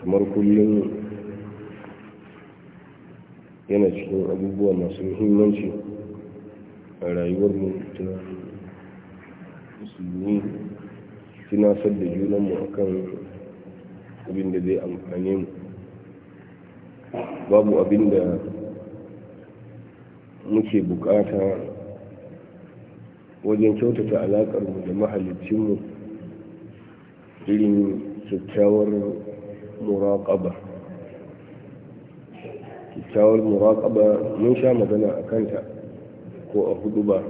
kamar kullum yana cikin abubuwa masu muhimmanci a rayuwarmu ta musulmi tunasar da junanmu kan abin da zai amfane mu babu abin da muke bukata wajen kyautata alaƙarmu da mahalicinmu irin kyakkyawar muraƙaba kyakkyawar muraƙaba mun sha magana a kanta ko a hudu ba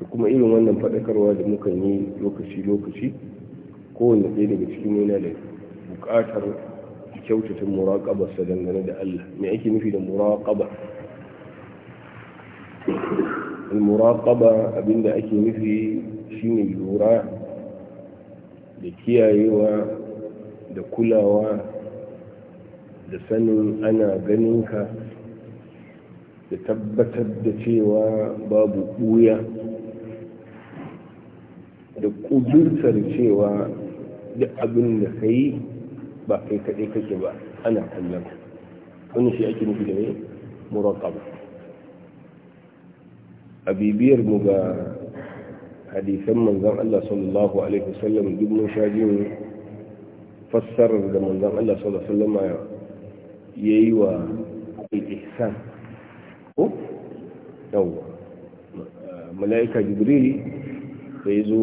da kuma irin wannan faɗakarwa da muka yi lokaci-lokaci kowane ɗaya daga cikin yana da buƙatar kyautata muraƙabarsa dangane da Allah mai ake nufi da muraƙabar al-muraqaba abinda ake nufi shine lura da kiyayewa da kulawa da sanin ana ganinka da tabbatar da cewa babu ɓuya da ƙudurtar cewa duk abin da ka yi ba kai kaɗai kake ba ana kallon wani shi ake nufi da ne muraqaba a bibiyar mu ga hadisan manzan Allah sallallahu alaihi wasallam duk mun sha jin fassarar da manzan Allah sallallahu alaihi wasallam ya yi wa ihsan ko mala'ika jibril da ya zo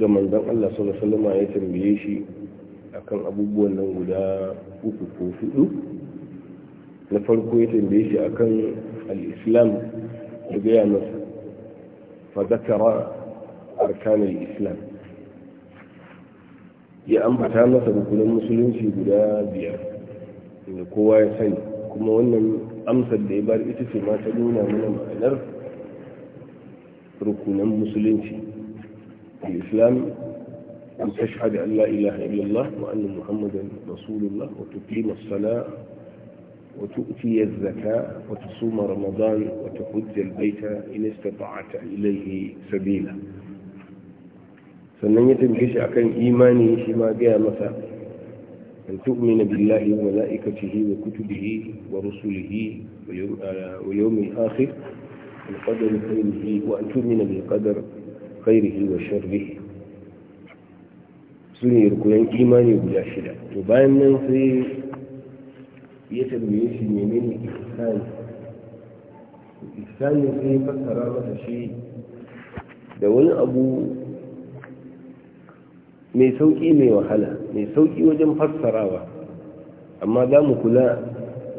ga manzan Allah sallallahu alaihi wasallam ya tambaye shi akan abubuwan nan guda uku ko hudu na farko ya tambaye shi akan al-islam قيامه فذكر أركان الإسلام يا أم بتانا تقول المسلمين في بلاد يا القوى يسني كما أن أمس الديبار إتفي ما تقولنا من المعنر ركونا المسلمين في الإسلام أن تشهد أن لا إله إلا الله وأن محمدا رسول الله وتقيم الصلاة وتؤتي الزكاة وتصوم رمضان وتحج البيت إن استطعت إليه سبيلا سنن يتمكش أكن إيماني شما جاء أن تؤمن بالله وملائكته وكتبه ورسله ويوم, آه، الآخر القدر خيره وأن تؤمن بالقدر خيره وشره سنة يركوين إيماني بلا شدة وبعد من في ya tambaye shi menene ihsani ihsani sai ya fassara masa shi da wani abu mai sauƙi mai wahala mai sauƙi wajen fassarawa amma za mu kula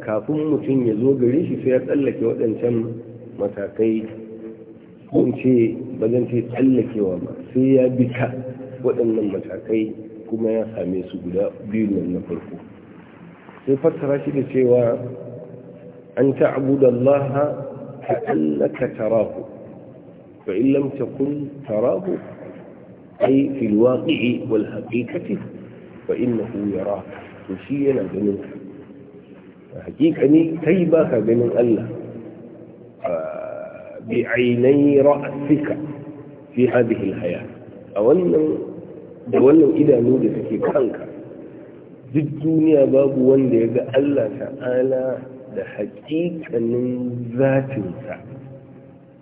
kafin mutum ya zo gare shi sai ya tsallake waɗancan matakai ko in ce ba zan ce tsallakewa ba sai ya bi waɗannan matakai kuma ya same su guda biyu nan na farko sai fassara shi da cewa an taabuda Allah ka annaka tarahu fa in lam takun tarahu ay fi alwaqi'i wal haqiqati fa innahu yaraka to shi yana ganin ka hakika ne kai ba ka ganin Allah bi ainai ra'asika fi hadhihi alhaya a wannan da wannan idanu da take kanka duk duniya babu wanda ya ga Allah ta'ala da haƙiƙanin zatinsa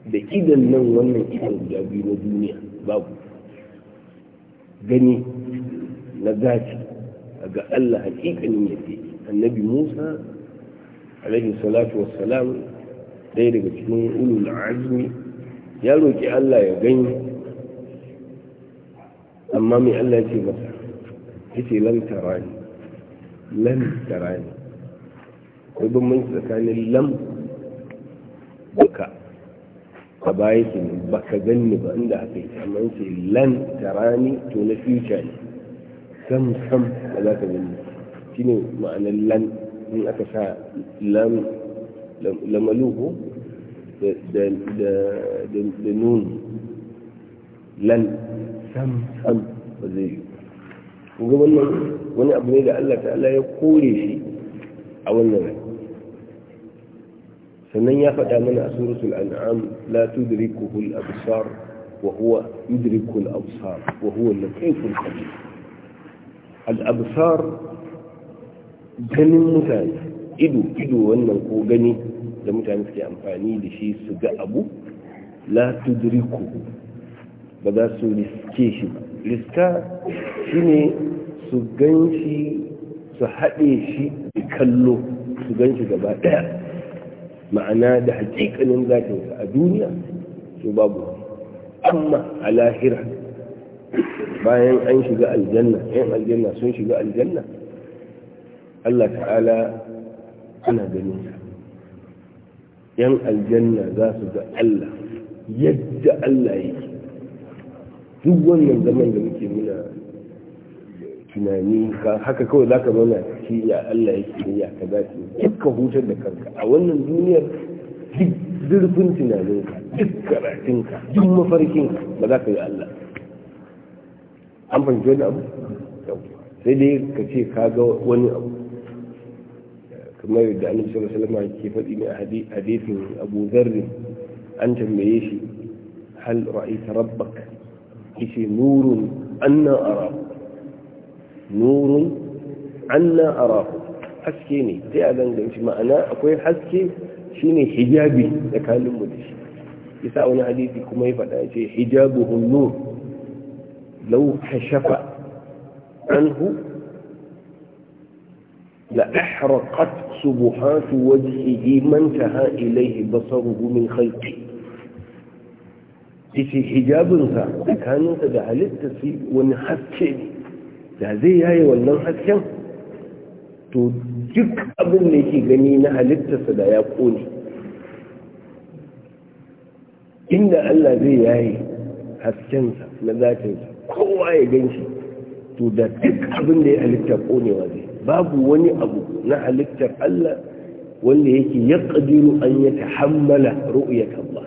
da idan nan wannan idan guda biyu na duniya babu gani na a ga Allah haƙiƙanin yake annabi Musa alaihi salatu wassalam ɗaya daga cikin ulul azmi ya roƙi Allah ya gani amma mai Allah ya ce masa yace lan tarani lan tarani akwai bambanci tsakanin lam baka a baya ke baka ganni ba inda aka yi amma ce lan tarani to na future ne sam sam ba za ka ganni shine ma'anar lan in aka sa lam lamaluhu da nun lan sam sam ba zai yi ga wannan wani abu ne da Allah ta'ala ya kore shi a wannan rai sannan ya faɗa mana a suratul an'am la tudrikuhu al-absar wa huwa yudriku al-absar wa huwa al-latiful khabir al-absar ganin mutane ido ido wannan ko gani da mutane suke amfani da shi su ga abu la tudrikuhu ba za su riske shi ba riska shine su gan shi su haɗe shi da kallo su gan shi gaba ɗaya ma'ana da hakikanin zafinsa a duniya su babu amma a lahira bayan an shiga aljanna yan aljanna sun shiga aljanna Allah ta'ala ana ganin sa yan aljanna za su ga Allah yadda Allah yake duk wannan zaman da muke muna tunani ka haka kawai za ka zauna ciki ya Allah ya ke ya ka za duk ka hutar da kanka a wannan duniyar duk zurfin tunanin ka duk karatun ka duk mafarkinka ba za ka yi Allah an fahimci wani abu sai dai ka ce ka ga wani abu kamar yadda annabi sallallahu alaihi wasallam ke faɗi ne a hadisin Abu Dharr an tambaye shi hal ra'aita rabbak yace nurun anna arahu nurun anna arahu haske ne ta a zan shi ma'ana akwai haske shine hijabi tsakanin mu da wani hadisi kuma ya faɗa ce hijabuhun nur law kashafa anhu la ahraqat subuhat wajhihi man taha ilayhi basaruhu min khalqi yace hijabinsa tsakaninsa da halitta wani haske ne da zai yaye wannan hasken to duk abin da yake gani na halittarsa da ya kone inda Allah zai yaye haskensa na zatinsa kowa ya gan to da duk abin da ya halitta konewa zai babu wani abu na halittar Allah wanda yake ya ƙadiru an ya tahammala ru'yat Allah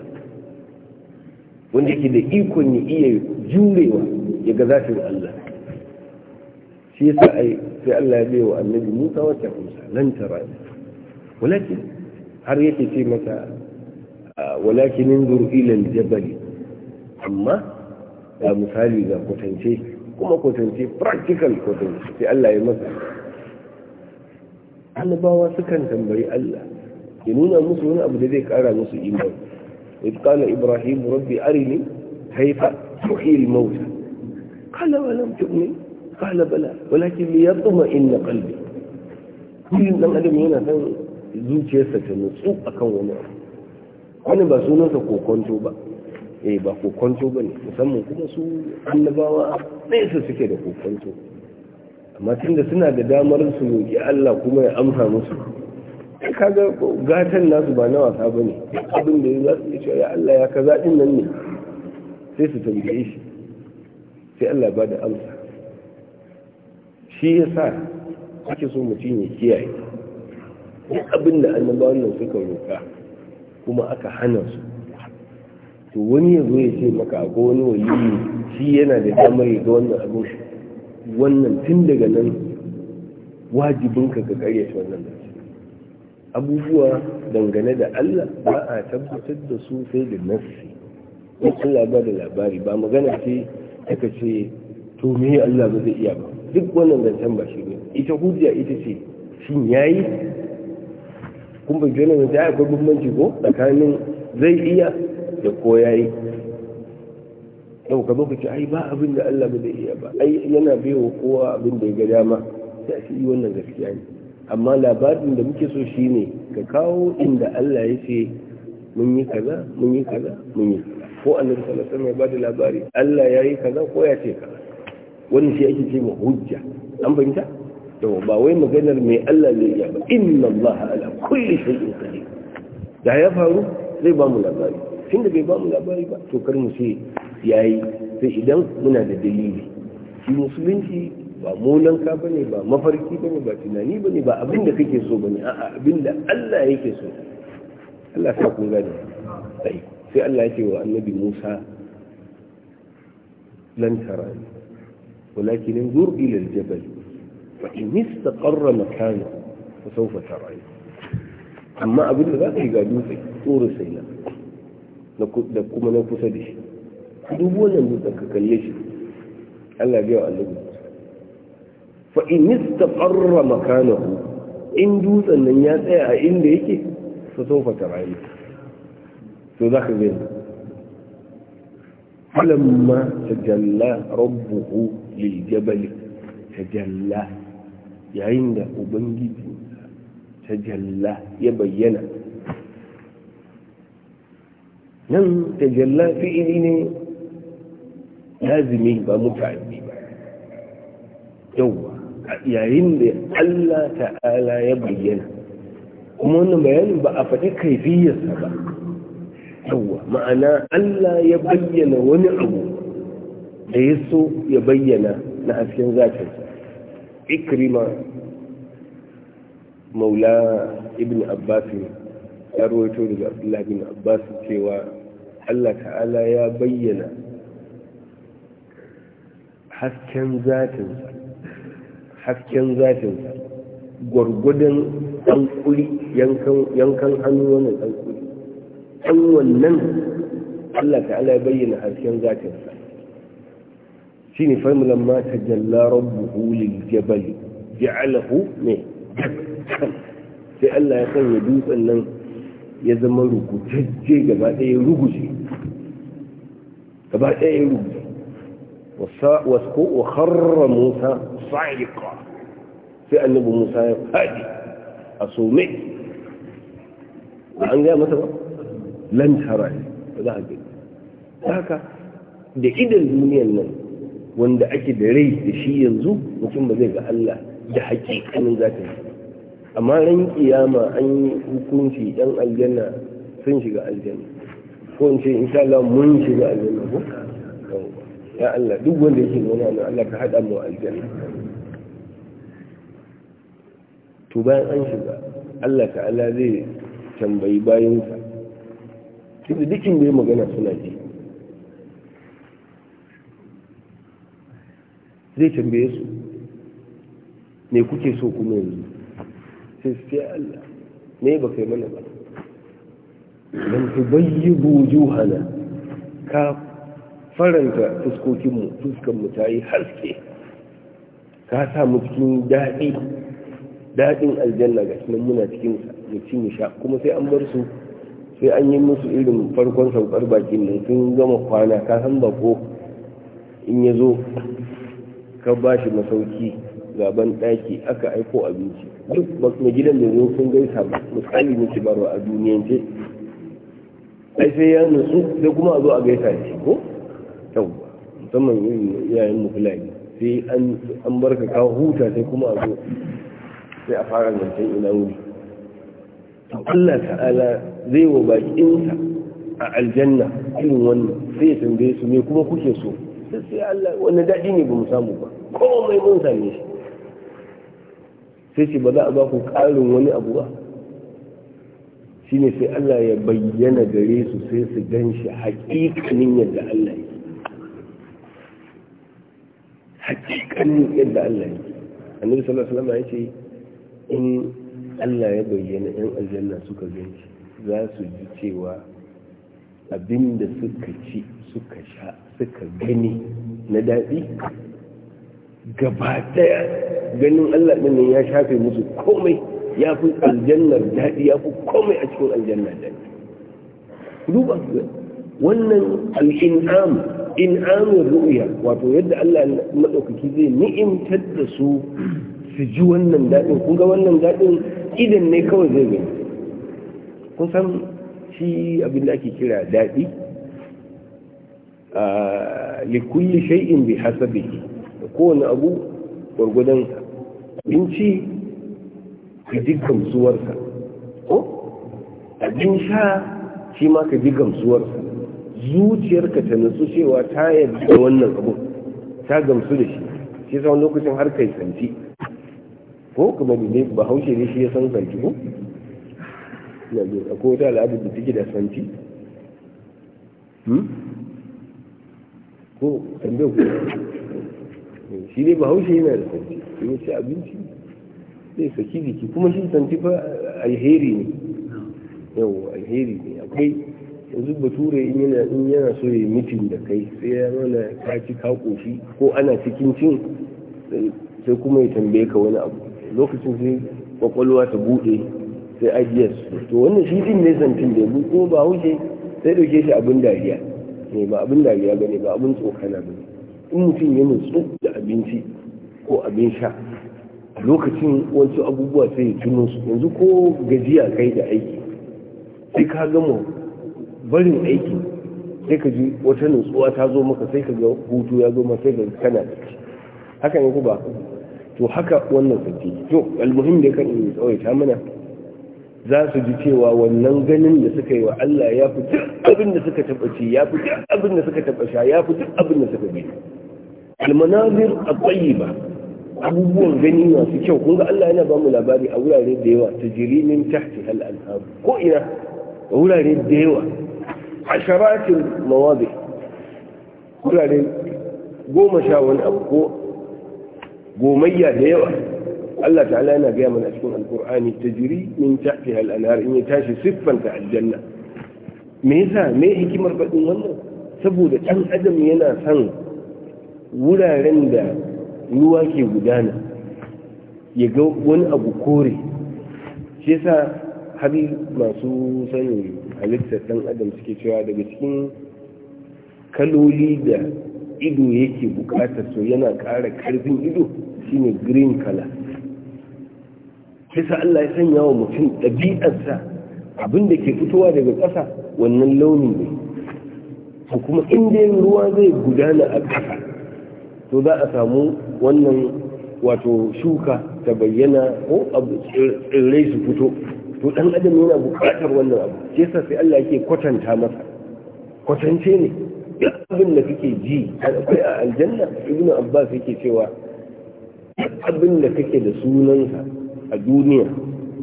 wanda yake da ikon ya iya jurewa ya ga zafin Allah في سأي في الله والنبي متوتر لن ترى ولكن عريتي في متى آه، ولكن انظر الى الجبل اما يا مثال اذا كنتي كما كنتي براكتيكال كنتي في ألا مثلا أنا بابا سكن تنبري ألا ينون المسلم هنا أبو ذيك أرى مسلم إيمان إذ قال إبراهيم ربي أرني كيف تحيي الموتى قال ولم تؤمن قال بلى ولكن ليطمئن قلبي كل dan adam yana son zuciyarsa ta nutsu akan wani abu wani ba sunansa kokonto ba eh ba kokonto ba musamman kuma su annabawa nesa suke da kokonto amma tunda suna da damar su roƙi Allah kuma ya amsa musu kaga gatan nasu ba na wasa ba ne abin da za su ce ya Allah ya kaza din nan ne sai su tambaye shi sai Allah ba da amsa shi ya sa ake so mutum ya kiyaye duk abin da annabawan nan suka roƙa kuma aka hana su to wani ya zo ya ce maka ko wani waliyi shi yana da damar ya ga wannan abin wannan tun daga nan wajibin ka karya shi wannan da abubuwa dangane da Allah ba a tabbatar da su sai da nassi in Allah ba da labari ba magana ce aka ce to me Allah ba zai iya ba duk wannan zancen ba shi ne ita hujja ita ce shin yayi kun bai jona zance akwai bambanci ko tsakanin zai iya da ko yayi yau ka baka ce ai ba abin da Allah bai iya ba ai yana baiwa kowa abin da ya ga dama sai a yi wannan gaskiya ne amma labarin da muke so shine ka kawo inda Allah ya ce mun yi kaza mun yi kaza mun yi ko annabi sallallahu alaihi wasallam bada labari Allah ya yi kaza ko ya ce kaza wannan shi ake cewa hujja an fahimta to ba wai maganar mai Allah zai ya ba inna Allah ala kulli shay'in qadir da ya faru zai ba mu labari tun da bai ba mu labari ba to kar mu ce yayi sai idan muna da dalili shi musulunci ba molan ba ne ba mafarki ba ne ba tunani ba ba abin da kake so ba ne a abin da Allah yake so Allah sa kun gani. sai Allah ya ce wa annabi Musa lan tarani ولكن انظر إلى الجبل فإن استقر مكانه فسوف ترعيه أما أبو ذاك يقعدوا في طور سينا لكم نفس دي دبونا نبتك كليش ألا جاء الله فإن استقر مكانه إن دوز أن الناس إن ديك فسوف ترعيه داخل بينه فلما تجلى ربه liljabali tajalla yayin da ubangiji tajalla ya bayyana nan tajalla fi'ili ne lazimi ba mutane ba yauwa yayin da Allah ta'ala ya bayyana kuma wannan bayanin ba a faɗi kaifiyarsa ba yauwa ma'ana Allah ya bayyana wani abu da ya so ya bayyana na hasken zatinsa ikrima maula ibn abbas ya rawaito daga abdullahi ibn abbas cewa allah ta'ala ya bayyana hasken zafin hasken zafin gwargwadon ɗankuri yankan hannu wannan ɗankuri ɗan wannan allah ta'ala ya bayyana hasken sa. سيني فهم لما تجلى ربه للجبل جعله مين في الله يقول يدوس أنه يزمن ركو تججي قبعة يرغجي قبعة يرغجي وسكو وخر موسى صعيقا في أنه موسى يقادي أصومي وعن ذا مثلا لن ترى هذا هكذا هكذا دي إدل من ينمي wanda ake da rai da shi yanzu mutum ba zai ga Allah da hakikanin zata yi amma ran kiyama an yi hukunci yan aljanna sun shiga aljanna ko in ce insha Allah mun shiga aljanna ko ya Allah duk wanda yake nuna nan Allah ka hada mu aljanna to bayan an shiga Allah ta'ala zai tambayi bayansa duk da bai magana suna ji zai tambaye su me kuke so kuma yanzu sai su Allah ne ba kai mana ba lan buju hana ka faranta fuskokinmu fuskanmu ta yi haske ka sa mu cikin daɗi daɗin aljanna ga cikin muna cikin mutum sha kuma sai an bar su sai an yi musu irin farkon saukar bakin nan sun gama kwana ka san bako in ya zo ka ba shi masauki gaban ɗaki aka aiko abinci duk mai gidan mai zo sun gaisa ba misali ne ki baro a duniyance ai sai ya nutsu sai kuma a zo a gaisa shi ko yawwa musamman yayin mu sai an barka ka huta sai kuma a zo sai a fara zancen ina wuri Allah ta'ala zai wa bakinsa a aljanna irin wannan sai ya tambaye su me kuma kuke so sai sai Allah wani daɗi ne ba mu samu ba komai mun same shi sai shi ba za a ba ku ƙarin wani abu ba shine sai Allah ya bayyana gare su sai su gan shi haƙiƙanin yadda Allah yake haƙiƙanin yadda Allah yake annabi sallallahu alaihi wasallam ya ce in Allah ya bayyana ɗan aljanna suka gan shi za su ji cewa abinda suka ci suka sha suka gani na daɗi gaba daya ganin Allah ɗin ya shafe musu komai ya fi aljannar daɗi ya fi komai a cikin aljannar daɗi duba wannan al'in'am in'amin ru'ya wato yadda Allah maɗaukaki zai ni'imtar da su su ji wannan daɗin kun ga wannan daɗin idan ne kawai zai gani kun san shi abin da ake kira daɗi likulli shay'in bi hasabihi wani abu in ci ka ji gamsuwarsa ko abin sha shi ma ka ji gamsuwarsa zuciyarka ta nutsu cewa ta yadda wannan abu ta gamsu da shi shi sa wani lokacin har kai santi ko kuma ne ba haushe ne shi ya san santi ko na ko ta al'adar da take da santi ko tambayar ku shi ne bahaushe yana da shi ne ci abinci zai saki jiki kuma shi santi fa alheri ne yau alheri ne akwai yanzu bature in yana in yana so ya mitin da kai sai ya mana ka ci ka koshi ko ana cikin cin sai kuma ya tambaye ka wani abu lokacin sai kwakwalwa ta bude sai ajiyar to wannan shi din ne zantin da ya ko ba hauke sai dauke shi abin dariya ne ba abin dariya ba ne ba abin tsokana ba in mutum ya nutsu da abinci ko abin sha a lokacin wasu abubuwa sai ya tuno su yanzu ko gajiya kai da aiki sai ka gama barin aiki sai ka ji wata nutsuwa ta zo maka sai ka ga hutu ya zo maka sai ka kana da shi haka ne ku ba to haka wannan sarki to almuhim da kan in tsawaita mana za su ji cewa wannan ganin da suka yi wa Allah ya fi duk abin da suka taɓa ci ya fi duk abin da suka taɓa sha ya fi duk abin da suka bi almanazir a ba abubuwan gani masu kyau kun ga Allah yana ba mu labari a wurare da yawa ta jiri min tahti hal anhar ko ina a wurare da yawa a asharatin mawadi wurare goma sha wani abu ko gomayya da yawa Allah ta'ala yana gaya mana cikin alkur'ani tajri min tahtiha al in ya tashi siffanta aljanna me yasa me hikimar faɗin wannan saboda ɗan adam yana son wuraren da ruwa ke gudana ya ga wani abu kore shi yasa har masu sanin halittar ɗan adam suke cewa daga cikin kaloli da ido yake bukatar so yana ƙara ƙarfin ido shine green color kisa Allah ya sanya wa mutum ɗabi'arsa abin da ke fitowa daga ƙasa wannan launi ne ko kuma inda ruwa zai gudana a ƙasa to za a samu wannan wato shuka ta bayyana ko abu tsirrai su fito to ɗan adam yana buƙatar wannan abu kisa sai Allah yake kwatanta masa kwatance ne duk abin da kake ji akwai a aljanna ibnu abbas yake cewa abin da kake da sunansa a duniya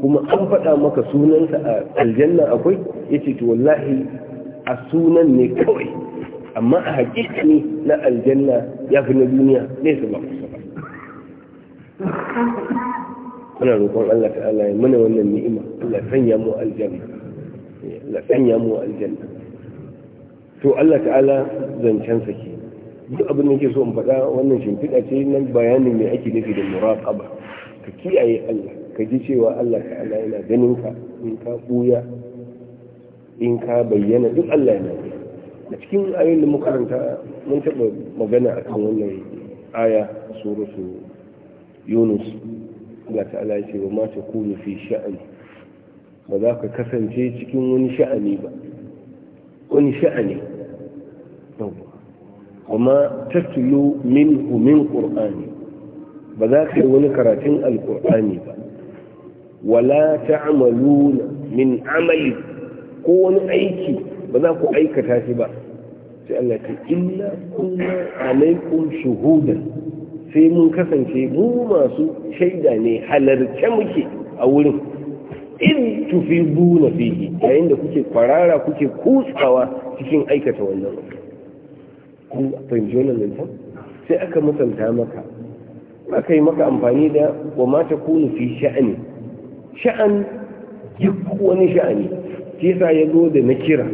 kuma an faɗa maka sunansa a aljanna akwai ya ce wallahi a sunan ne kawai amma a hakika ne na aljanna ya fi na duniya ne su ba kusa ba muna roƙon Allah ta'ala ya mana wannan ni'ima Allah sanya mu aljanna Allah sanya mu aljanna to Allah ta'ala zancen sa ke duk abin da yake so in faɗa wannan shimfiɗa ce nan bayanin me ake nufi da muraqaba ka kiyaye Allah ka ji cewa Allah ta'ala yana ganin ka in ka buya in ka bayyana duk Allah yana gani a cikin ayoyin da makaranta mun taɓa magana akan wannan aya suratu yunus ga ta'ala ya ce wa ma ta kunu fi sha'ani ba za ka kasance cikin wani sha'ani ba wani sha'ani wa kuma tatlu minhu min qur'ani ba za ka yi wani karatun alkur'ani ba wala ta'maluna min amali ko wani aiki ba za ku aikata shi ba sai Allah ce illa kunna alaikum shuhuda sai mun kasance mu masu shaida ne halarce muke a wurin in na fihi yayin da kuke kwarara kuke kutsawa cikin aikata wannan ku fahimci wannan sai aka musanta maka aka yi maka amfani da wa ta takunu fi sha'ani sha'an duk wani sha'ani Ke sa ya zo da na kira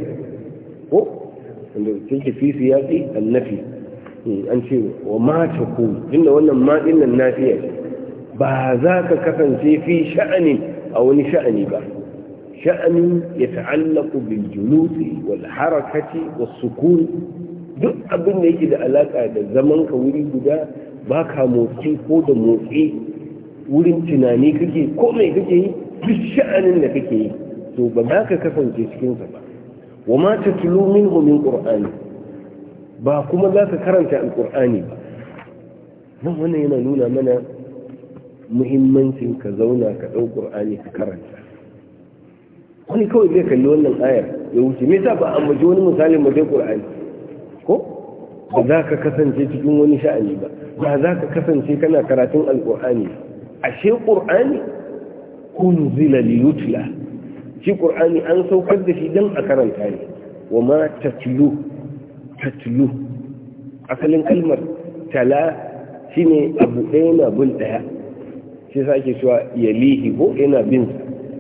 ko wanda take fi siyasi annafi eh, an ce wa ma takunu inda wannan ma nan nafiya ba za ka kasance fi sha'ani a wani sha'ani ba sha'ani ya ta'allaku bil julusi wal harakati was sukun duk abin da yake da alaka da zaman ka wuri guda ba ka motsi ko da motsi wurin tunani kake ko mai kake yi duk sha'anin da kake yi to ba za ka kasance cikinsa ba wa ma ta tulu min min qur'ani ba kuma za ka karanta alqur'ani ba nan wannan yana nuna mana muhimmancin ka zauna ka ɗau qur'ani ka karanta wani kawai zai kalli wannan ayar ya wuce me yasa ba an maji wani misalin mu dai qur'ani ko ba za ka kasance cikin wani sha'ani ba ba za ka kasance kana karatun alƙur'ani ashe ƙur'ani zila liyutla shi ƙur'ani an saukar da shi don a karanta ne wa ma tatlu tatlu asalin kalmar tala shine abu ɗaya na bin ɗaya shi sa ake cewa yalihi ko yana bin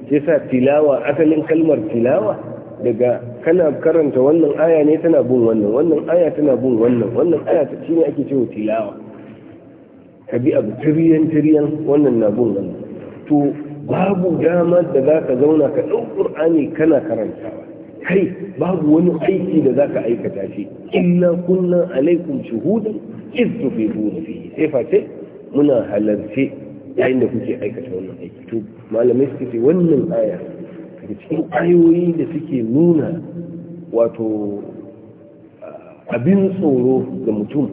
shi sa tilawa asalin kalmar tilawa daga kana karanta wannan aya ne tana bin wannan wannan aya tana bin wannan wannan aya shine ake cewa tilawa ka bi abu tiriyan tiriyan wannan na bin wannan to babu dama da za ka zauna ka ɗau ƙur'ani kana karantawa kai babu wani aiki da za ka aikata shi illa kunna alaikum shuhudan iz tufiduna fihi sai face muna halarce yayin da kuke aikata wannan aiki to malamai suke ce wannan aya daga cikin ayoyi da suke nuna wato abin tsoro ga mutum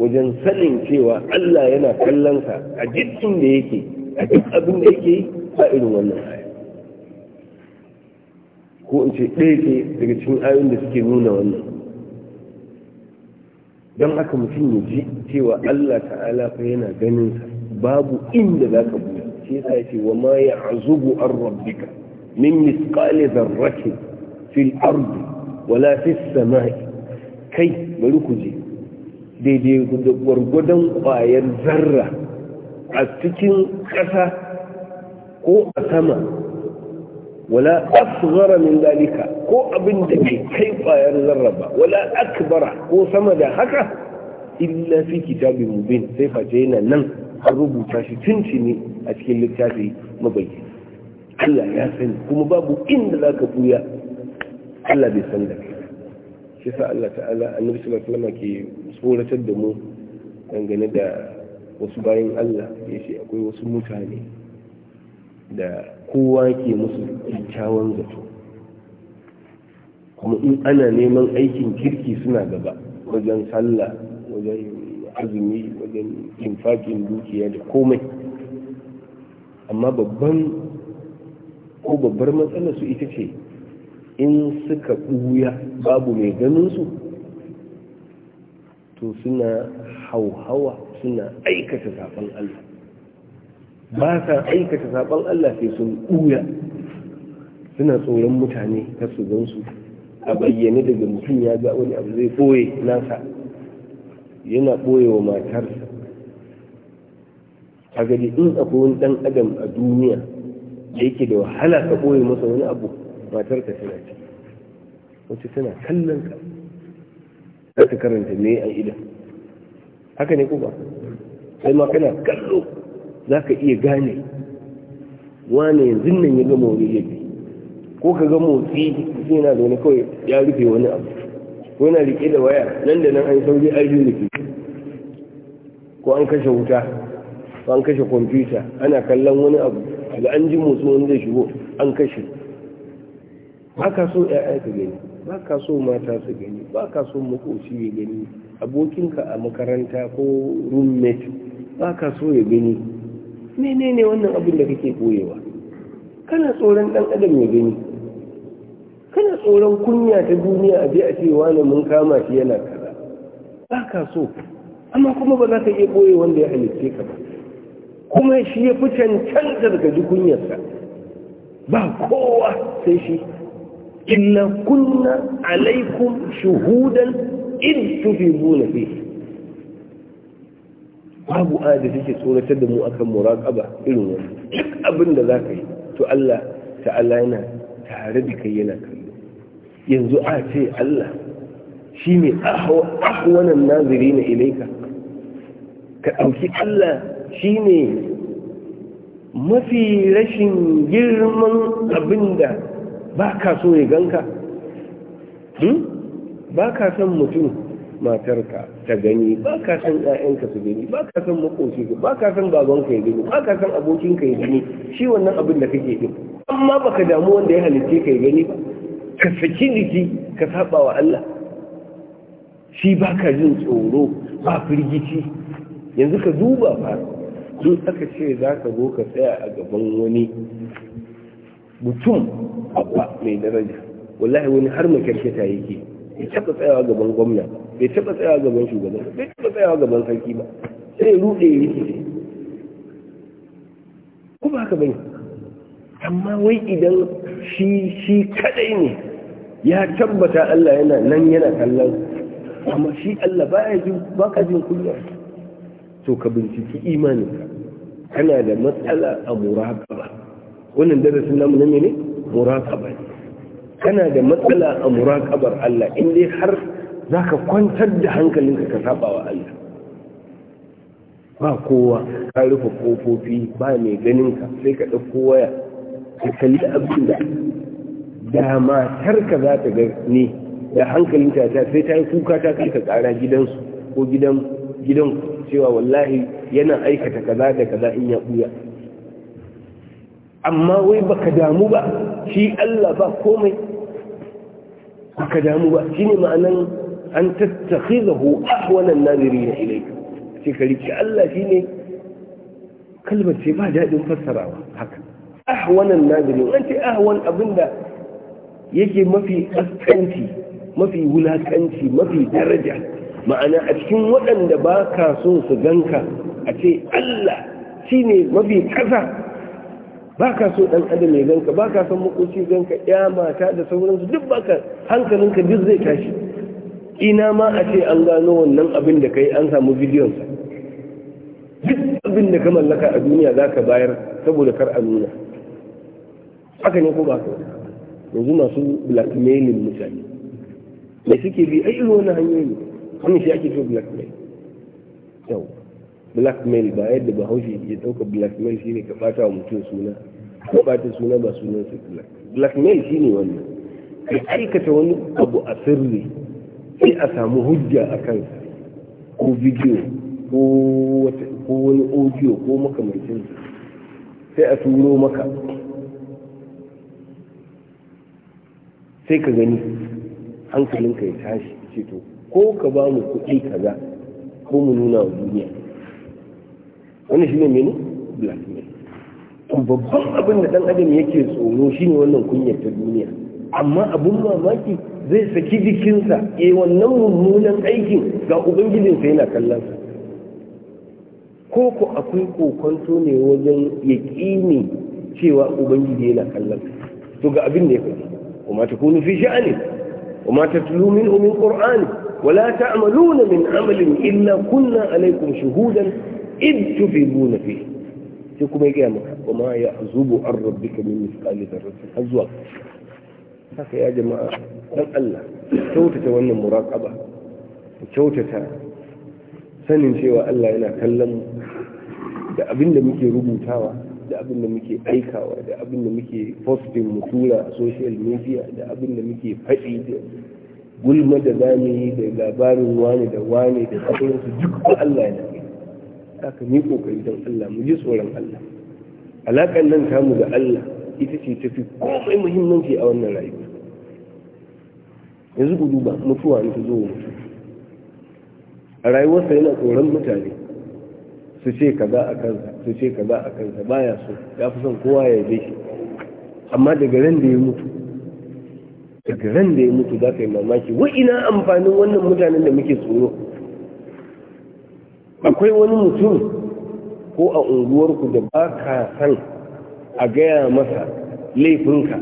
wajen sanin cewa Allah yana kallon ka a jikin da yake a duk abin da yake ba irin wannan aya ko in ce ɗaya ce daga cikin ayoyin da suke nuna wannan don haka mutum ya ji cewa Allah ta'ala fa yana ganin sa babu inda za ka buya shi yasa ce wa ma ya azubu an rabbika min misqali dharratin fil ardi wala fis sama'i kai bari ku je daidai gwargwadon ƙwayar zarra a cikin ƙasa ko a sama wala asghara min dalika ko abin da ke kai ƙwayar zarra ba wala akbara ko sama da haka illa fi kitabin mubin sai face yana nan an rubuta shi tuntuni a cikin littafi mabayyana Allah ya sani kuma babu inda zaka buya Allah bai san da kai shi sa Allah ta'ala annabi sallallahu alaihi ke tsoratar da mu dangane da wasu bayan Allah ya ce akwai wasu mutane da kowa ke musu kyakkyawan zato kuma in ana neman aikin kirki suna gaba wajen sallah wajen azumi wajen infakin dukiya da komai amma babban ko babbar matsalar su ita ce in suka ɓuya babu mai ganinsu to suna hauhawa suna aikata zaɓen Allah ba sa aikata zaɓen Allah sai sun ɓuya suna tsoron mutane ta su gansu a bayyane daga mutum ya ga wani abu zai ɓoye nasa yana ɓoye wa matarsa a gari in akwai wani ɗan adam a duniya da yake da wahala ka ɓoye masa wani abu matar ka tana ci wacce tana kallon ka za ka karanta me a idan haka ne kuma sai ma kana kallo za ka iya gane wane yanzu nan ya gama wani yabi ko ka ga motsi sai yana da wani kawai ya rufe wani abu ko yana riƙe da waya nan da nan an sauri an yi rufe ko an kashe wuta ko an kashe kwamfuta ana kallon wani abu daga an ji motsi wani zai shigo an kashe ba ka so ‘ya'ya ka gani ba ka so mata su gani ba ka so makoci ya gani abokinka a makaranta ko roommate ba ka so ya gani menene wannan abin da kake koyewa kana tsoron ɗan adam ya gani kana tsoron kunya ta duniya a biya a ce wani mun kama shi yana kaza ba ka so amma kuma ba za ka iya koye wanda ya halicce ka ba kuma shi ya fi cancanta daga ji kunyarsa ba kowa sai shi إلا alaikum عليكم شهودا إذ تفيضون فيه babu aya suke take tsoratar da mu akan muraqaba irin wani. duk abin da ka yi to Allah ta'ala yana tare da kai yana kallo yanzu a ce Allah shine ahwanan na ilaika ka ɗauki Allah shine mafi rashin girman abinda ba ka so ya ganka hmm? ba ka son mutum matarka ta gani ba ka son ƴaƴanka su gani ba ka son makoci ba ka son babanka ya gani ba ka son abokinka ya gani shi wannan abin da kake din amma baka damu wanda ya halitte ka ya gani ba ka saki jiki ka saba wa Allah shi ba ka jin tsoro ba firgici yanzu ka duba ba duk aka ce za ka zo ka tsaya a gaban wani mutum abba mai daraja wallahi wani har ta yake bai taɓa tsayawa gaban gwamna bai taɓa tsayawa gaban shugaban bai taɓa tsayawa gaban sarki ba sai ruɗe ya ko kuma haka bane amma wai idan shi shi kadai ne ya tabbata Allah yana nan yana kallon amma shi Allah baya jin baka jin kunya to ka binciki imaninka kana da matsala a muraqaba wannan darasin namu ne ne muraqaba kana da matsala a muraƙabar Allah in dai har zaka kwantar da hankalinka ka saba wa Allah ba kowa ka rufe kofofi ba mai ganin sai ka ɗauko waya ka kalli abin da da ka za ta ga ne da hankalinta ta sai ta yi kuka ta kai ka tsara gidansu ko gidan gidan cewa wallahi yana aikata kaza da kaza in ya buya amma wai baka damu ba shi Allah ba komai ka damu ba ne ma'anan an tattakhizahu ahwanan nazirin ilayka sai ka rike Allah shine kalmar ce ba daɗin fassarawa haka wannan nazirin an ce ahwan abinda yake mafi kaskanci mafi wulakanci mafi daraja ma'ana a cikin waɗanda ba ka son su ganka a ce Allah shine mafi kasa ba ka so ɗan adam ya ganka ba ka son makoci ganka ya mata da sauransu duk ba ka hankalinka duk zai tashi ina ma a ce an gano wannan abin da ka yi an samu bidiyonsa duk abin da ka mallaka a duniya za ka bayar saboda kar a nuna haka ne ko ba ka yanzu masu blackmailing mutane mai suke bi ai irin wani hanyoyi wani shi ake so blackmail yau blackmail ba yadda ba haushi ya ɗauka blackmail shine ka ɓata wa mutum suna ko ɓata suna ba sunan su blackmail shine wannan ka aikata wani abu a sirri sai a samu hujja a kansa ko bidiyo ko wani audio ko makamancin sai a turo maka sai ka gani hankalinka ya tashi ce to ko ka ba mu kuɗi kaza ko mu nuna wa duniya Wani shi ne mini black blackmail to babban abin da dan adam yake tsoro shine wannan kunyar ta duniya amma abun mamaki zai saki jikinsa e wannan mummunan aikin ga ubangijinsa yana kallon sa ko ko akwai kokonto ne wajen yaƙini cewa ubangiji yana kallon sa to ga abin da ya faɗi kuma ta kunu fi sha'ani kuma ta tulu min umin qur'ani wala ta'maluna min amalin illa kunna alaikum shuhudan in tufiduna fi sai kuma ya gaya maka kuma ma ya zubo an rabbika min misqali dharratin har zuwa haka ya jama'a dan Allah kyautata wannan muraqaba kyautata sanin cewa Allah yana kallon da abin da muke rubutawa da abin da muke aikawa da abin da muke posting mutura a social media da abin da muke faɗi da gulma da zamu yi da labarin wani da wani da sauransu duk Allah yana aka ni kokari don Allah mu ji tsoron Allah alakan nan tamu ga Allah ita ce tafi komai muhimmanci a wannan rayuwa yanzu ku duba mutuwa ne ta zo mutu a rayuwarsa yana tsoron mutane su ce kaza a kansa su ce kaza a kansa baya so ya fi son kowa ya je shi amma daga ran da ya mutu daga ran da ya mutu za ka yi mamaki wa ina amfanin wannan mutanen da muke tsoro akwai wani mutum ko a unguwarku da ba ka san a gaya masa laifinka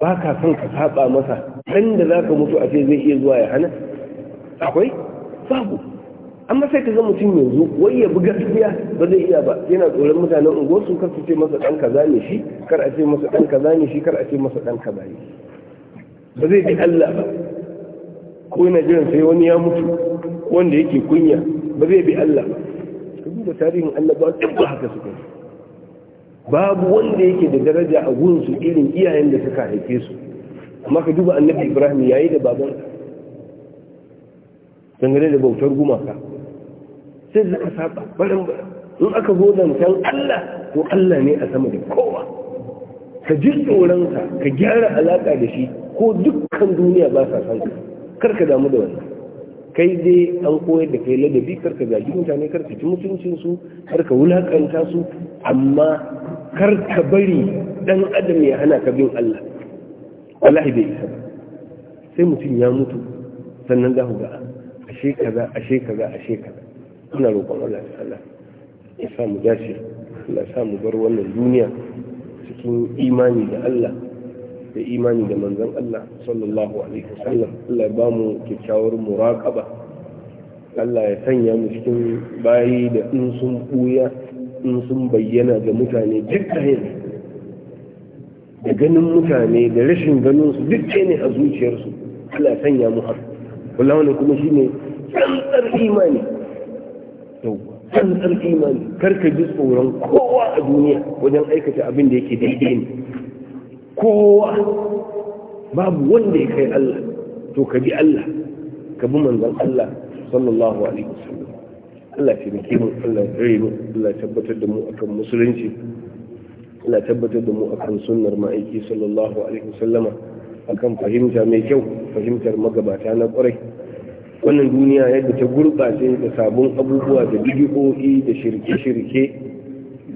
ba ka san ka saba masa ɗan da za ka mutu a ce zai iya zuwa ya hana akwai babu amma sai ka ga mutum yanzu wai ya bi gaskiya ba zai iya ba yana tsoron mutanen unguwar su kar su ce masa ɗan kaza ne shi kar a ce masa ɗan kaza ne shi kar a ce masa dan kaza ne ba zai bi Allah ba ko yana jiran sai wani ya mutu wanda yake kunya ba zai bi Allah ba ka duba tarihin Allah ba duk ba haka suke babu wanda yake da daraja a gunsu irin iyayen da suka haife su amma ka duba annabi Ibrahim yayi da baban dangane da bautar gumaka sai suka saba barin ba in aka zo zancen Allah to Allah ne a sama da kowa ka ji tsoronka ka gyara alaka da shi ko dukkan duniya ba sa san ka kar ka damu da wannan kai dai an koyar da kai ladabi karka zagi mutane karka ci mutuncinsu karka wulakanta su amma karka bari dan adam ya hana ka bin Allah wallahi bai isa sai mutum ya mutu sannan za ku ga ashe kaza ashe kaza ashe kaza ina roƙon Allah ta'ala ya sa mu dace Allah ya sa mu bar wannan duniya cikin imani da Allah da imani da manzon Allah sallallahu alaihi wasallam Allah ya ba mu kyakkyawar muraqaba Allah ya sanya mu cikin bayi da in sun buya in sun bayyana ga mutane duk yanzu da ganin mutane da rashin ganin su duk ne a zuciyarsu Allah ya sanya mu haka wallahi wannan kuma shine tsantsar imani tsantsar imani karka ji tsoron kowa a duniya wajen aikata abin da yake daidai ne kowa babu wanda ya kai Allah to ka bi Allah ka bi manzon Allah sallallahu alaihi wasallam Allah ya taimake mu Allah ya rare mu Allah ya tabbatar da mu akan musulunci Allah ya tabbatar da mu akan sunnar ma'aiki sallallahu alaihi wasallama akan fahimta mai kyau fahimtar magabata na kwarai wannan duniya yadda ta gurɓace da sabon abubuwa da bidiyo'i da shirke-shirke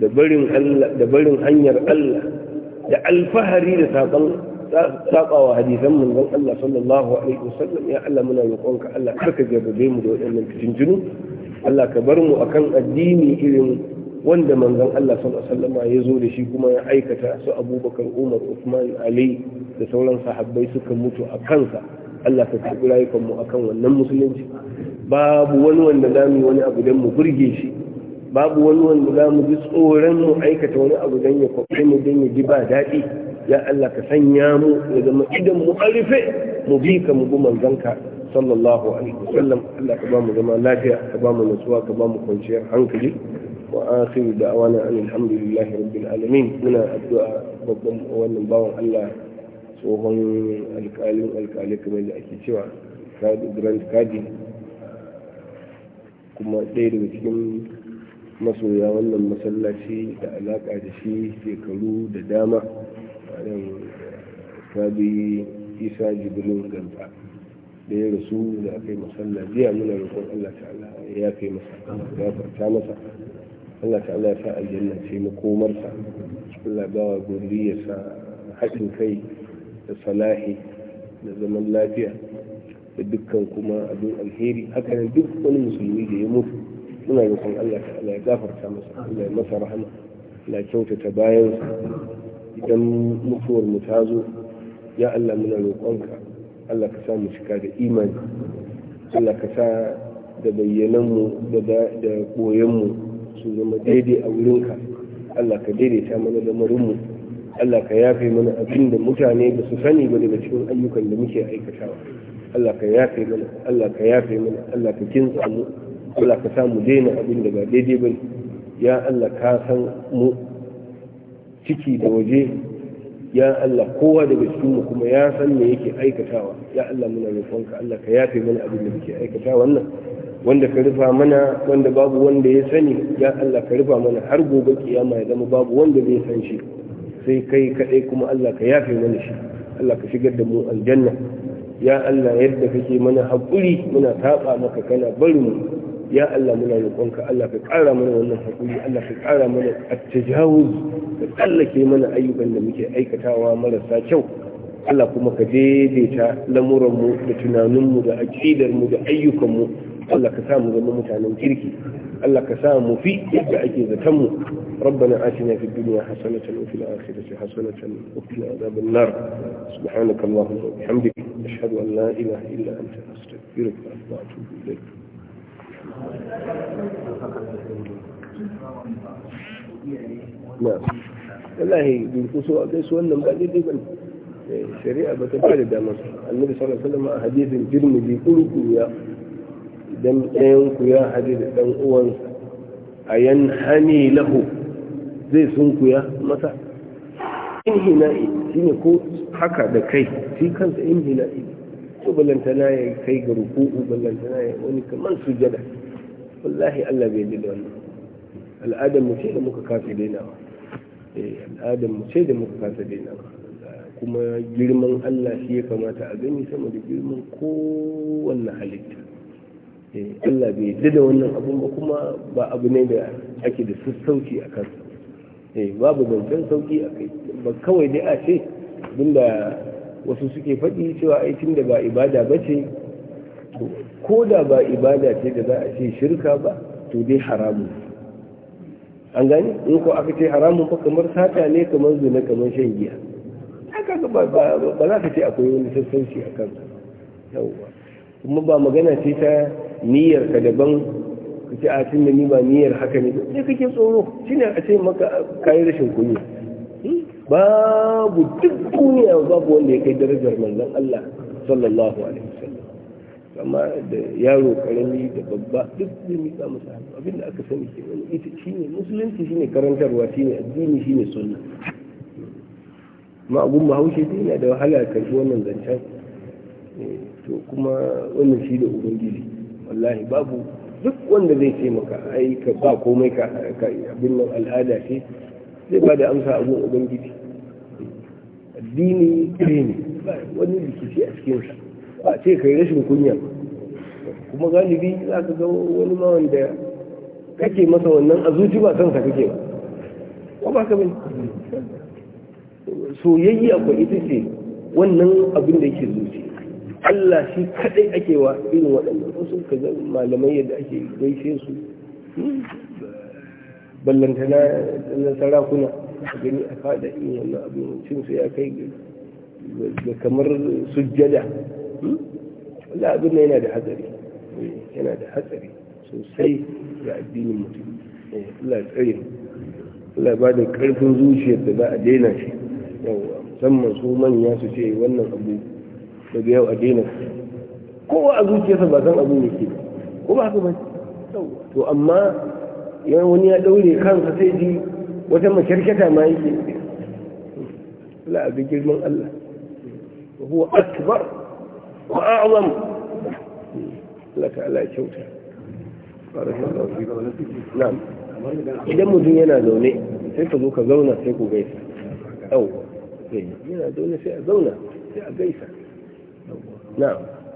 da barin hanyar Allah da alfahari da saƙawa hadisan manzon Allah sallallahu alaihi wasallam ya Allah muna roƙonka Allah ka jarrabe mu da waɗannan fitintunu Allah ka bar mu akan addini irin wanda manzon Allah sallallahu alaihi wasallam ya zo da shi kuma ya aikata su Abubakar Umar Uthman Ali da sauran sahabbai suka mutu a kansa Allah ka karɓi rayukan mu akan wannan musulunci babu wani wanda zamu wani abu dan mu burge shi babu wani wanda za mu ji tsoron mu aikata wani abu don ya kwafi mu don ya ji ba daɗi ya Allah ka sanya mu ya zama idan mu arife mu bi ka mu guman zanka sallallahu alaihi wasallam Allah ka ba mu zama lafiya ka ba mu nutsuwa ka ba mu kwanciyar hankali wa akhiru da'wana alhamdulillahi rabbil alamin muna addu'a babban wannan bawan Allah tsohon alƙalin alƙali kamar da ake cewa grand kadi kuma ɗaya daga cikin masoya wannan masallaci da alaƙa da shi shekaru da dama a nan sabi isa jibirin ganta da ya rasu da aka yi masalla jiya muna rikon allah ta'ala ya fi masa masa allah ta'ala ya sa aljanna ce makomarsa allah labawa gori ya sa haɗin kai da salahi da zaman lafiya da dukkan kuma abin alheri haka duk wani musulmi da ya mutu muna roƙon Allah ta'ala ya gafarta masa Allah ya masa rahama Allah kyautata bayan idan mutuwar mu ta zo ya Allah muna roƙonka Allah ka sa mu shiga da imani Allah ka sa da bayyananmu da mu su zama daidai a wurinka Allah ka daidaita mana lamarinmu Allah ka yafe mana abin da mutane ba su sani ba daga cikin ayyukan da muke aikatawa Allah ka yafe mana Allah ka yafe mana Allah ka kinsa mu Allah ka sa mu daina abin da ba daidai ba ya Allah ka san mu ciki da waje ya Allah kowa daga cikin mu kuma ya san me yake aikatawa ya Allah muna roƙonka Allah ka yafe mana abin da muke aikata wannan wanda ka rufa mana wanda babu wanda ya sani ya Allah ka rufa mana har gobe kiyama ya zama babu wanda zai san shi sai kai kadai kuma Allah ka yafe mana shi Allah ka shigar da mu aljanna ya Allah yadda kake mana haƙuri muna taɓa maka kana barin mu ya Allah muna roƙonka Allah ka ƙara mana wannan haƙuri Allah ka ƙara mana at-tajawuz ka tsallake mana ayyukan da muke aikatawa marasa kyau Allah kuma ka daidaita lamuranmu da tunaninmu da aƙidarmu da ayyukanmu Allah ka sa mu zama mutanen kirki Allah ka sa mu fi yadda ake zaton mu ربنا آتنا في الدنيا حسنة وفي الآخرة حسنة وقنا عذاب النار سبحانك اللهم وبحمدك أشهد أن لا إله إلا أنت أستغفرك وأتوب إليك wallahi dinkuso a gaisu wannan ba daidai ba eh, shari'a ba ta ba da damar annabi sallallahu alaihi wasallam a hadisin jirmiji kurkuru ya idan ɗayan ku ya haɗe da ɗan uwan a yan hani lahu zai sunkuya masa shi shine ko haka da kai shi kansa inhina'i ko ballantana ya kai ga ko ballantana ya wani kamar sujada wallahi Allah bai yi da wannan al'adar mu ce da muka kasa eh al'adar mu ce da muka kasa daina ba. kuma girman Allah shi ya kamata a gani sama da girman kowanne halitta eh, Allah bai yi da wannan abun ba kuma ba abu ne da ake da sassauci a kansa eh, babu zancen sauki a kai ba kawai dai a ce abinda wasu suke faɗi cewa aikin da ba ibada ba ce ko da ba ibada ce da za a ce shirka ba to dai haramun an gani in ko aka ce haramun ba kamar sata ne kamar zina kamar shan giya haka ba za ka ce akwai wani sassauci a kan kuma ba magana ce ta niyyar ka daban ka ce a cin da ni ba niyyar haka ne ne kake tsoro ne a ce maka kayi rashin kunya hmm? babu duk duniya babu wanda ya kai darajar manzon Allah sallallahu alaihi amma da yaro karami da babba duk zai miƙa masa hannu abinda aka sani ke wani ita ne musulunci ne karantarwa ne addini shi ne sunna amma abun bahaushe dai yana da wahala karfi wannan zancen eh, to kuma wannan shi da ubangiji wallahi babu duk wanda zai ce maka ai ka ba komai ka abin nan al'ada ce zai ba da amsa abun ubangiji addini ne ba wani rikici a cikinsa ba ce kai rashin kunya kuma galibi za ka ga wani ma wanda kake masa wannan a zuci ba son ka kake ba ko ba ka bane soyayya akwai ita ce wannan abin da yake zuci Allah shi kadai ake wa irin waɗannan wasu ka ga malamai yadda ake gaishe su ballantana na sarakuna a gani a fada in wannan abin cin su ya kai ga kamar sujjada Hmm? Allah abin nan yana da hatsari eh, yana da hatsari sosai ga addinin mutum eh, Allah ya tsare mu Allah da karfin zuciyar da za a daina shi yawa musamman su manya su ce wannan abu daga yau a daina kowa a zuciyarsa ba san abu ne ke ba ko ba haka ba to amma wani ya daure kansa sai ji wata makyarkyata ma yake hmm. Allah abin girman Allah huwa akbar وأعظم لك على kyauta نعم إذا yana zaune sai ka zo ka zauna sai ku gaisa سيكو yana zaune sai a zauna sai a gaisa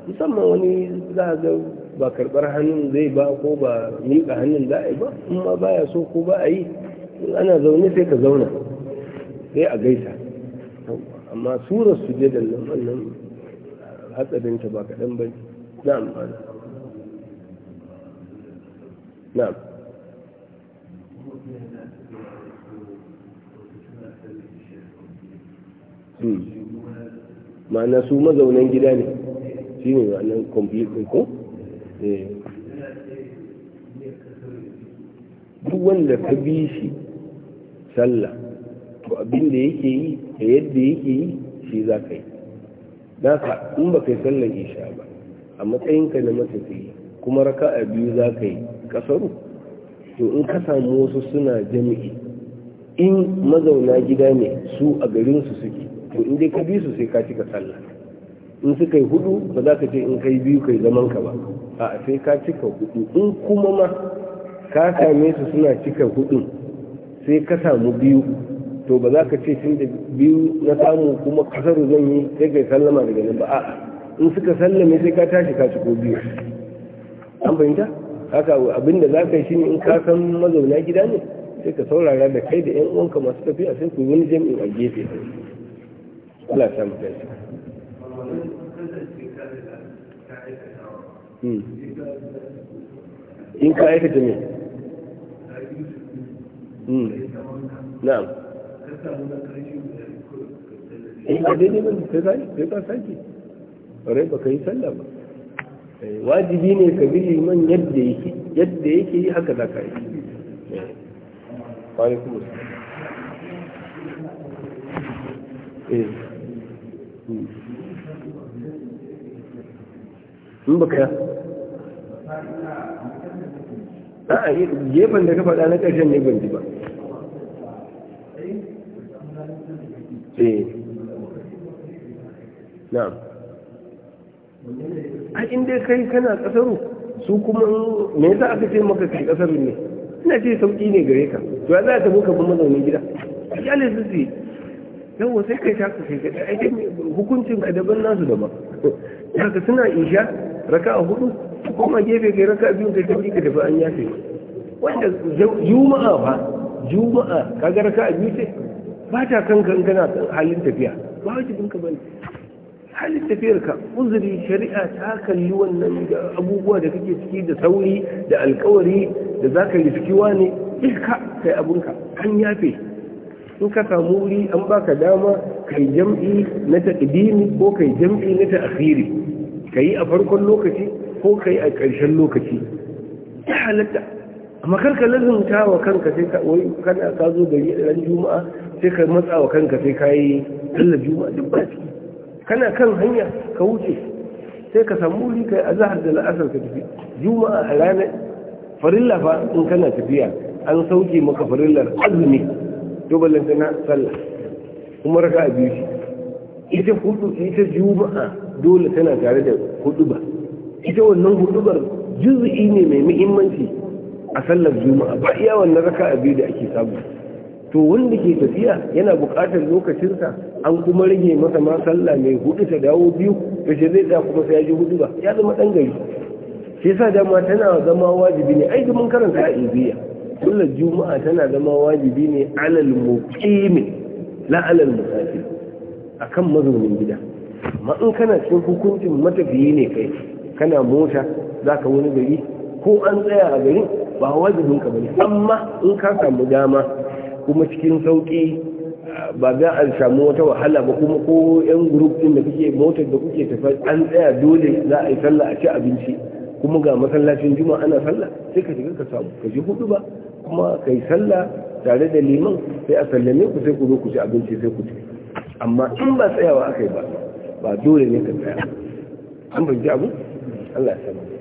musamman wani za a ga ba karbar hannun zai ba ko ba miƙa hannun za a yi ba amma so ko ba a yi ana zaune sai ka zauna sai a gaisa amma surar da nan Hatsarin ta ba kaɗan ba ne na'am ma'ana na'am hmm. ma'ana su mazaunan gida ne shi ne ma'anan kwamfutin ko eh. duk wanda ka bi shi sallah to abinda yake yi da yadda yake yi shi za ka yi da ka in ba kai sallar isha ba a matsayin ka na matafi kuma raka a biyu za ka yi kasaru to in ka samu wasu suna jami'i in mazauna gida ne su a garinsu suke to in dai ka bi su sai ka cika sallah in suka yi hudu ba za ka ce in kai biyu kai zaman ka ba a sai ka cika hudu in kuma ma ka same su suna cika hudu sai ka samu biyu to ba za ka ce tun da biyu na samu kuma kasar zan yi sai ka sallama daga nan ba a'a in suka sallame sai ka tashi ka ci ko biyu an fahimta haka abinda za ka yi shine in ka san mazauna gida ne sai ka saurara da kai da yan uwanka masu tafiya sai ku yi wani jami'in a gefe Allah ya samu kai hmm. in ka aikata ne hmm. na'am in a eh, daidai ban sai ka sake ƙwarai ba ka yi sallah ba eh, wajibi ne ka bi liman yadda yake yadda yake yi haka za ka yi ƙwarai eh, kuma hmm. in ba ka a'a gefen da ka faɗa na ƙarshen ne ban ji ba eh na'am a inda kai kana kasaru su kuma me yasa aka ce maka kai kasaru ne ina ce sauki ne gare ka to ya za ka zo ka mazaunin gida iyalai su su yawo sai kai ta kai kai ai hukuncin ka daban nasu daban haka suna isha raka a hudu kuma gefe kai raka biyu kai tafi ka tafi an yafe wanda juma'a fa juma'a kaga raka a biyu ce ba ta gangana in kan halin tafiya ba wajibinka ba ne halin tafiyarka uzuri shari'a ta kalli wannan abubuwa da kake ciki da sauri da alkawari da za ka riskiwa ne ka kai abunka an yafe in ka samu wuri an baka dama kai jam'i na taƙidimi ko kai jam'i na ta'akhiri ka yi a farkon lokaci ko ka yi a ƙarshen lokaci ya halatta amma karka lazumta wa kanka sai ka wai kana ka zo gari ran juma'a sai ka matsa wa kanka sai ka yi sallar juma'a duk ba ciki kana kan hanya ka wuce sai ka samu wuri ka yi azahar da la'asar ka tafi juma'a a ranar farilla fa in kana tafiya an sauke maka farillar azumi to ballanta na sallah kuma raka a biyu ita hudu ita juma'a dole tana tare da hudu ba ita wannan hudubar juzu'i ne mai muhimmanci a sallar juma'a ba iya wannan raka a biyu da ake samu to wanda ke tafiya yana buƙatar lokacinsa an kuma rage masa masalla mai hudu ta dawo biyu da shi zai kuma sai ya hudu ba ya zama ɗan gari shi yasa dama tana zama wajibi ne ai mun karanta a ibiya Kullum juma'a tana zama wajibi ne alal muqimi la alal musafir akan mazaunin gida amma in kana cikin hukuncin matafiyi ne kai kana mota zaka wani gari ko an tsaya a garin ba wajibin ka bane amma in ka samu dama kuma cikin sauƙi ba za a samu wata wahala ba kuma ko yan group din da kuke motar da kuke tafi an tsaya dole za a yi sallah a ci abinci kuma ga masallacin juma'a ana sallah sai ka shiga ka samu ka ji hudu ba kuma ka yi sallah tare da liman sai a sallame ku sai ku zo ku ci abinci sai ku ci amma in ba tsayawa aka yi ba ba dole ne ka tsaya an ji abu Allah ya samu